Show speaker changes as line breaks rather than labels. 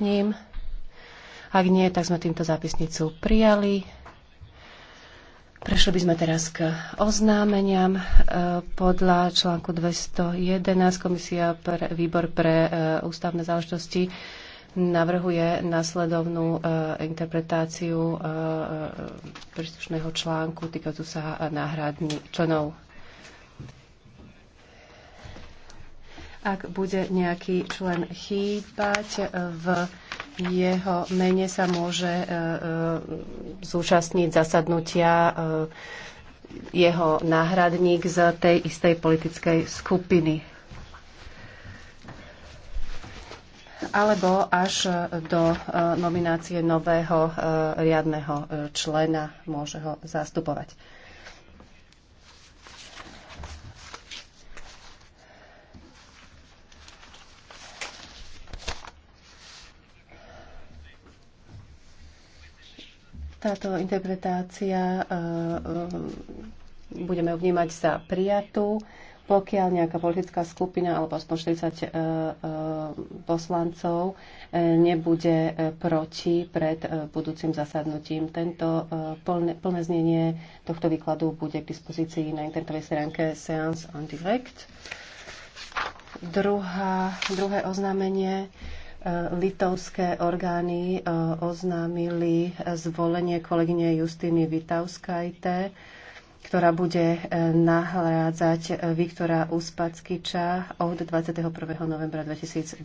ním? Ak nie, tak sme týmto zápisnicu prijali. Prešli by sme teraz k oznámeniam. E, podľa článku 211 Komisia pre, Výbor pre e, ústavné záležitosti navrhuje nasledovnú e, interpretáciu príslušného článku týkajúcu sa náhradní členov Ak bude nejaký člen chýbať, e, v jeho mene sa môže e, e, zúčastniť zasadnutia jeho náhradník z tej istej politickej skupiny. Alebo až do nominácie nového riadneho člena môže ho zastupovať. Táto interpretácia e, e, budeme vnímať za prijatú, pokiaľ nejaká politická skupina alebo aspoň 40 e, poslancov nebude proti pred budúcim zasadnutím. Tento plné, plné znenie tohto výkladu bude k dispozícii na internetovej stránke Seance on Direct. Druhá, druhé oznámenie E, litovské orgány e, oznámili zvolenie kolegyne Justiny Vitauskajte, ktorá bude e, nahrádzať Viktora Uspackyča od 21. novembra 2012.